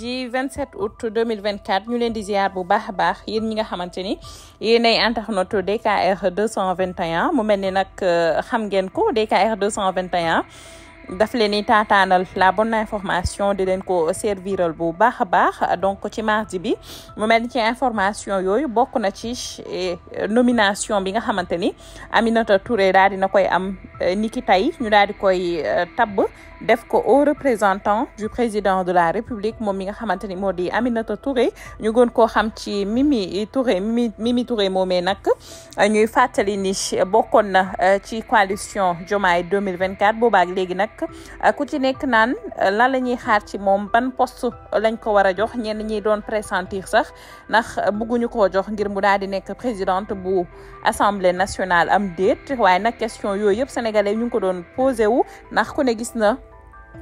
ji 27 août 2024 ñu leen di ziar bu baax baax yéen ñi nga xamante ni yéen ay internaute DKR 221 mu mel ni nag euh, xam ngeen ko DKR 221. daf leen i taataanal la bonne information di leen ko serviral bu baax a baax donc ci mardi bi mu mel ci information yooyu bokk na ci eh, nomination bi nga xamante ni Aminata Touré daal dina koy am eh, niki tey ñu daal di koy eh, tab def ko au représentant du président de la République moom mi nga xamante ni moo di Aminata ture ñu gën koo xam ci Mimi Touré Mimi Mimi Touré moomee nag ñuy fàttali ni bokkoon na ci coalition Diomaye 2024 boobaak léegi nag nekk eh, ku ci nekk naan eh, lan la ñuy xaar ci moom ban poste lañ ko war a jox ñenn ñi doon pressentir sax ndax eh, bëgguñu koo jox ngir mu daal di nekk présidente bu assemblée nationale am déet waaye na question yooyu yëpp sénégalais ñu ngi ko doon posé wu ndax ku ne gis na.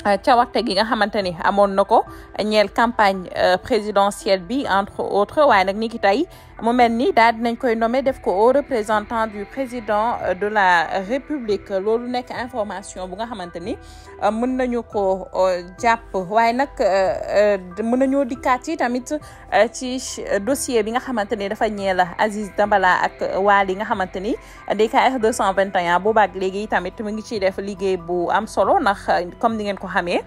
te gi nga xamante ni amoon na ko ñeel campagne euh, présidentielle bi entre autres waaye nag ni ki tey mu mel ni daal dinañ koy nommé def ko o représentant du président euh, de la république loolu nekk information bu nga xamante ni euh, mën nañu ko jàpp waaye nag mën nañoo dikkaat yi tamit ci dossier bi nga xamante ni dafa ñeel Aziz Dabala ak Waly nga xamante ni DKR 221 boobaak léegi tamit mu ngi ciy def liggéey bu am solo ndax comme ni ngeen ko xamee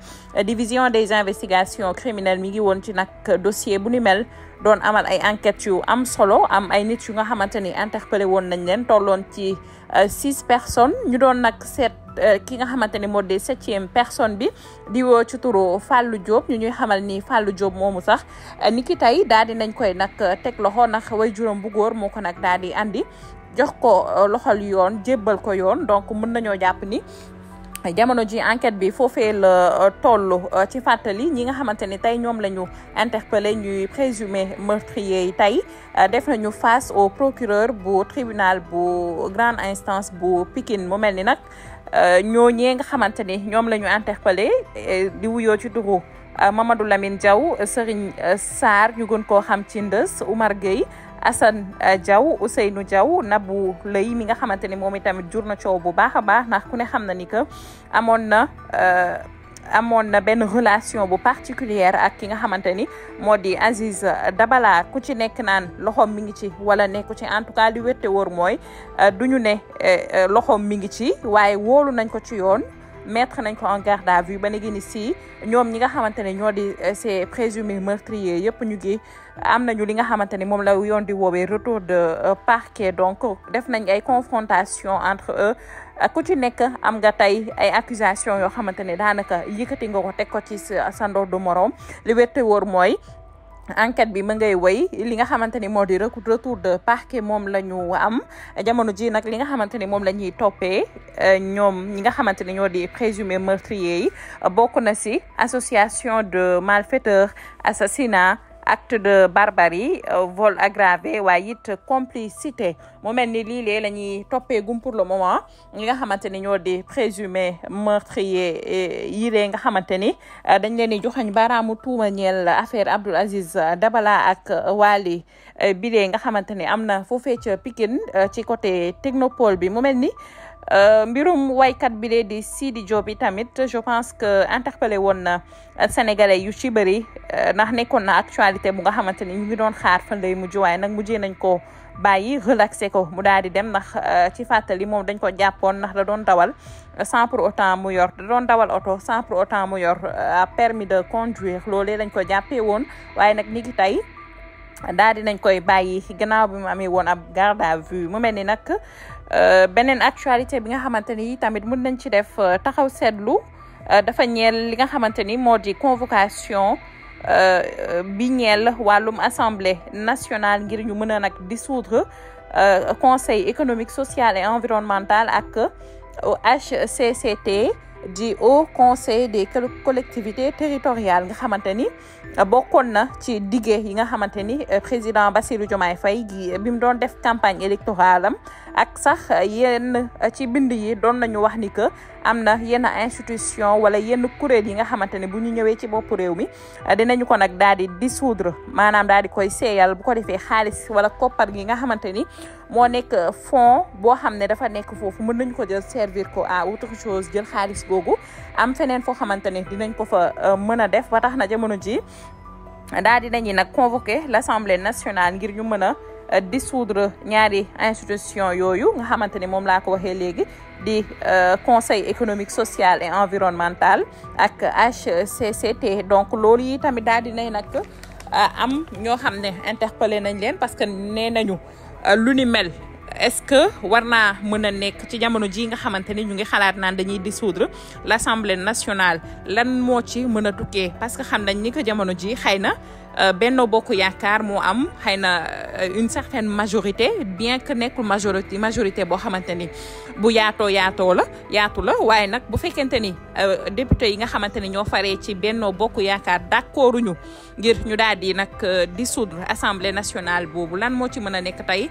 division des investigations criminelles mi ngi woon ci nag dossier bu ni mel doon amal ay enquêtes yu am solo am ay nit yu nga xamante ni interpellé woon nañ leen tolloon ci euh, six personnes ñu doon nag seet euh, ki nga xamante ni moo di septième personne bi di woo ci turu Fallou Diop ñu ñuy xamal ni Fallou Diop moomu sax euh, ni ki tey daal di nañ koy nag teg loxo ndax way juróom bu góor moo ko nag daal di andi jox ko loxol yoon jébbal ko yoon donc mën nañoo jàpp ni jamono ji enquête bi foofee la euh, toll euh, ci fàttali ñi nga xamante ni tey ñoom la ñu interpellé ñuy présumé meurtrier yi tey euh, def nañu face au procureur bu tribunal bu grande instance bu Pikine mu mel ni nag ñooñee nga xamante ni ñoom la ñu interpellé di wuyoo ci turu Euh, Mamadou Lamine Diaw euh, Serigne euh, Sarr ñu gën koo xam ci ndës Oumar Gueye Assane Diaw Ousseynou Diaw Nabou Lay mi nga xamante ni moom itamit jur na coow bu baax a baax ndax ku ne xam na ni que amoon na amoon na benn relation bu particulière ak ki nga xamante ni moo di Aziz Dabala ku ci nekk naan loxoom mi ngi ci wala nekku ci en tout cas li wette wóor mooy du ñu ne loxoom mi ngi ci waaye wóolu nañ ko ci yoon mettre nañ ko en garde à vue ba léegi ni si ñoom ñi nga xamante ne ñoo di euh, ces présumés meurtriers yëpp ñu ngi am nañu li nga xamante ne moom la yoon di woowee retour de euh, parquet donc def nañ ay confrontation entre eux euh, ku ci nekk am nga tey ay accusation yoo xamante ne daanaka yëkkati nga ko teg ko ci sa ndoor du morom li mooy enquête bi ma ngay woy li nga xamante ni moo di retour de parquet moom la ñu am jamono ji nag li nga xamante ni moom la ñuy toppee euh, ñoom ñi nga xamante ni ñoo di présumé meurtrier yi bokk na si association de malfaiteurs assassinat acte de barbarie euh, vol aggravé waaye it complicité mu mel ni lii lee la ñuy toppee gum pour le moment ñi nga xamante ni ñoo di présumé meurtrier euh, yiree nga xamante ni euh, dañ leen di joxañ baaraamu tuuma ñeel affaire Abdoul Aziz Dabala ak Wali bilee nga xamante ni am na foofee ca Pikine ci côté technopole bi mu mel ni Euh, mbirum waykat bi lee di Sidi Diop bi tamit je pense que interpellé woon na sénégalais yu ci bëri euh, ndax nekkoon na actualité bu nga xamante ni ñu ngi doon xaar fan mujj waaye nag mujjee nañ ko bàyyi relaxé ko mu daal di dem ndax euh, ci fàttali moom dañ ko jàppoon ndax da doon dawal sans pour autant mu yor da doon dawal oto sans pour autant mu yor permis de conduire loolee lañ ko jàppee woon waaye nag ni ki tey di nañ koy bàyyi gannaaw bi mu woon ab garde à vue mu mel ni nag. Euh, beneen actualité bi nga xamante ni tamit mën nañ ci def euh, taxaw seetlu euh, dafa ñeel li nga xamante ni moo di convocation bi ñeel wàllum assemblée nationale ngir ñu mën a nag dissoudre conseil économique social et environnemental ak HCCT. di haut conseil des collectivités territoriales nga xamante ni euh, bokkoon na ci dige yi nga xamante ni euh, président Bassirou Diomaye Faye gi euh, bi mu doon def campagne électorale am ak sax yenn ci bind yi doon nañu wax ni que am na yenn institution wala yenn kuréel yi nga xamante ne bu ñu ñëwee ci boppu réew mi dinañu ko nag daal di dissoudre maanaam daal di koy seyal bu ko defee xaalis wala koppar gi nga xamante ni moo nekk fond boo xam ne dafa nekk foofu mën nañ ko jël servir ko à googu am feneen foo xamante ne dinañ ko fa euh, mën def ba tax na jamono ji daal di nañu nag convoqué l'Assemblée nationale ngir ñu mën a euh, dissoudre ñaari institution yooyu nga xamante ni moom laa ko waxee léegi di euh, conseil économique sociale et environnemental ak HCCT donc loolu yi tamit daal di nay nag am ñoo xam ne interpellé nañ leen parce que ne nañu lu mel est-ce que war naa mën a nekk ci jamono ji nga xamante ni ñu ngi xalaat na dañuy dissoudre l'Assemblée nationale lan moo ci mën a tukkee parce que xam dañ ni que jamono ji xëy na Euh, Benno Bokk Yaakaar moo am xëy na euh, une certaine majorité bien que nekkul majorité majorité boo xamante ni bu yaatoo yaatoo la yaatu la waaye nag bu fekkente ni euh, député yi nga xamante ni ñoo fare ci Benno Bokk Yaakaar d'accorduñu ngir ñu daal di nag dissoudre assemblée nationale boobu lan moo ci mën a nekk tey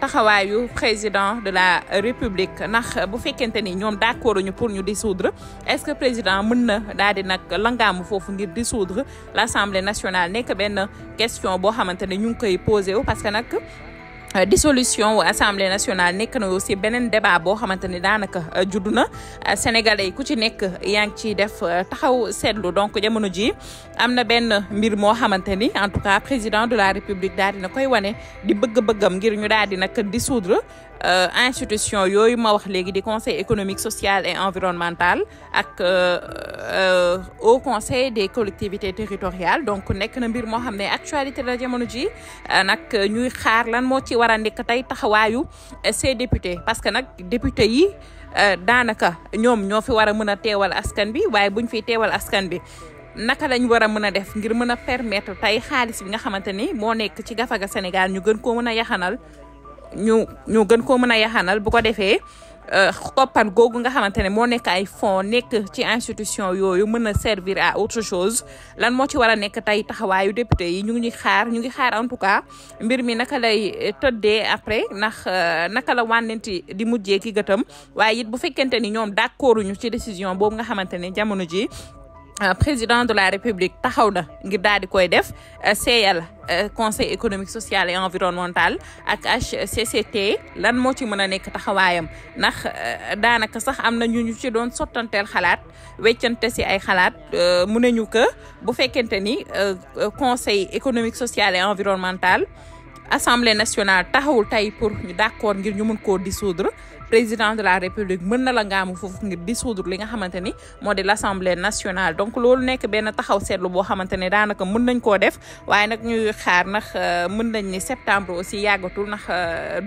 taxawaayu président de la république ndax bu fekkente ni ñoom d'accorduñu pour ñu dissoudre est-ce que président mën na daal di nag langaamu foofu ngir dissoudre l'assemblée nationale nekk benn question boo xamante ne ñu ngi koy posé wu parce que nag euh, dissolution wu assemblée nationale nekk na aussi beneen débat boo xamante ni daanaka euh, juddu na euh, sénégalais yi ku ci nekk yaa ngi ciy def taxaw seetlu donc jamono ji am na benn mbir moo xamante ni en tout cas président de la république daal dina koy wane di bëgg-bëggam ngir ñu daal di nag dissoudre Euh, institution yooyu ma wax léegi di conseil économique social et environnemental ak euh, euh, au conseil des collectivités territoriales donc nekk na mbir moo xam ne actualité la jamono ji nag ñuy xaar lan moo ci war a nekk tey taxawaayu ces députés parce que nag député yi daanaka ñoom ñoo fi war a mën a teewal askan bi waaye buñ fi teewal askan bi naka lañ war a mën a def ngir mën a permettre tey xaalis bi nga xamante ni moo nekk ci gafaga Sénégal ñu gën koo mën a yaxanal ñu ñu gën koo mën a yaxanal bu ko defee koppar euh, googu nga xamante ne moo nekk ay fonds nekk ci institution yooyu mën a servir à autre chose lan moo ci war a nekk tey taxawaayu député yi ñu ngi xaar ñu ngi xaar en tout cas mbir mi naka lay euh, tëddee après ndax euh, naka la wànnenti di mujjee ki gëtam waaye it bu fekkente ni ñoom d'accorduñu ci décision boobu nga xamante ne jamono ji Euh, président de la république taxaw na ngir daal di koy def CEL euh, euh, conseil économique social et environnemental ak t lan moo ci mën a nekk taxawaayam ndax daanaka sax am na ñu ñu ci doon sottanteel xalaat weccante si ay xalaat mu ne ñu que bu fekkente ni conseil économique social et environnemental assemblée nationale taxawul tey pour ñu d'accord ngir ñu mën koo dissoudre président de la république mën na la ngaamu foofu ngir dissoudre li nga xamante ni moo di l'assemblée nationale donc loolu nekk benn taxaw seetlu boo xamante ne daanaka mën nañ koo def waaye nag ñuy xaar ndax euh, mën nañ ni septembre aussi yàggatul ndax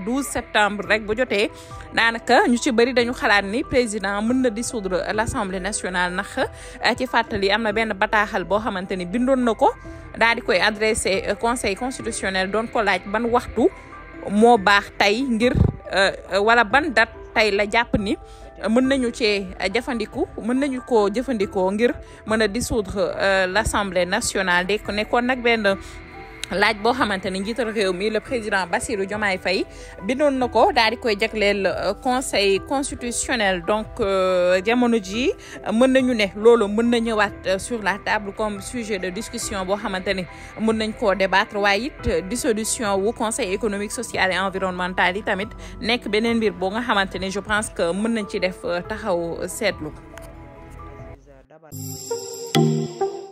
12 euh, septembre rek bu jotee daanaka ñu ci bëri dañu xalaat ni président mën na dissoudre l'assemblée nationale nax euh, ci fàttali am na benn bataaxal boo xamante ni bindoon na ko daal di koy adressé conseil constitutionnel doon ko laaj ban waxtu moo baax tey ngir euh, euh, wala ban date tey la jàpp ni euh, mën nañu cee jëfandiku mën nañu ko jëfandikoo ngir mën a dissoudre l'Assemblée nationale de nekkoon nag benn laaj boo xamante ni njiital réew mii le président Bassirou Diomaye fay bindoon na ko daal di koy jagleel euh, conseil constitutionnel donc euh, jamono ji mën nañu ne loolu mën na ñëwaat euh, sur la table comme sujet de discussion boo xamante ni mën nañ ko débattre waaye it dissolution wu conseil économique social et environnemental yi tamit nekk beneen mbir boo nga xamante ni je pense que mën nañ ci def taxaw seetlu